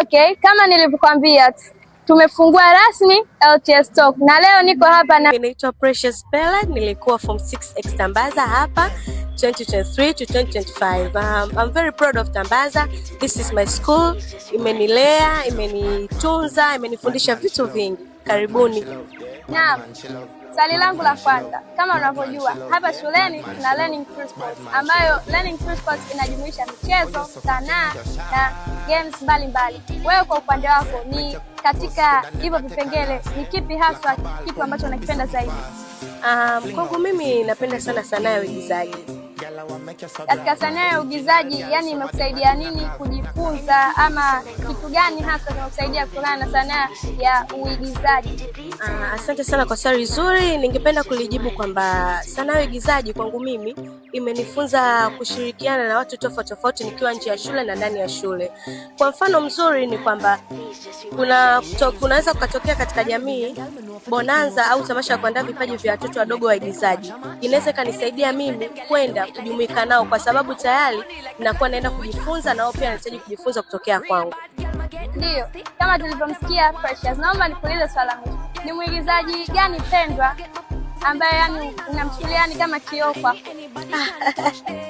Okay, kama nilivyokuambia tumefungua rasmi LTS Talk na leo niko hapa na inaitwa Precious Pella, nilikuwa form 6 ex Tambaza hapa 2023 to 2025. Um, I'm very proud of Tambaza. This is my school. Imenilea, imenitunza, imenifundisha vitu vingi. Karibuni. Naam. Swali langu la kwanza, kama unavyojua hapa shuleni tuna learning principles, ambayo learning principles inajumuisha michezo, sanaa na games mbalimbali. Wewe kwa upande wako, ni katika hivyo vipengele, ni kipi haswa kitu ambacho unakipenda zaidi? Um, kwangu mimi napenda sana sanaa ya uigizaji. Katika sanaa ya uigizaji, yani imekusaidia nini kujifunza ama kitu gani hasa kinakusaidia kulingana na sanaa ya uigizaji? Uh, asante sana kwa swali zuri. Ningependa kulijibu kwamba sanaa ya uigizaji kwangu mimi imenifunza kushirikiana na watu tofauti tofauti nikiwa nje ya shule na ndani ya shule. Kwa mfano mzuri ni kwamba kuna kunaweza kukatokea katika jamii bonanza au tamasha ya kuandaa vipaji vya watoto wadogo waigizaji, inaweza ikanisaidia mimi kwenda kujumuika nao, kwa sababu tayari nakuwa naenda kujifunza, wao pia wanahitaji kujifunza kutokea kwangu. Ndio, kama tulivyomsikia Precious. Naomba nikuulize swala moja, ni mwigizaji gani pendwa ambaye yani unamchukulia yani kama kioo kwako?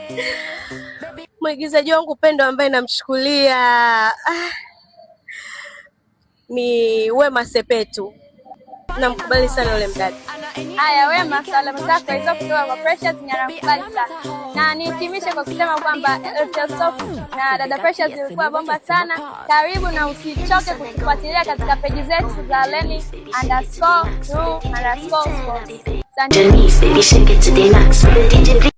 mwigizaji wangu pendwa ambaye namchukulia ah, ni Wema Sepetu, namkubali sana yule mdada. Haya, Wema, salamu zako hizo kutoka kwa Precious sana na nihitimishe kwa kusema kwamba na dada Precious zilikuwa bomba sana. Karibu na usichoke kutufuatilia katika peji zetu za leni underscore ru underscore sports.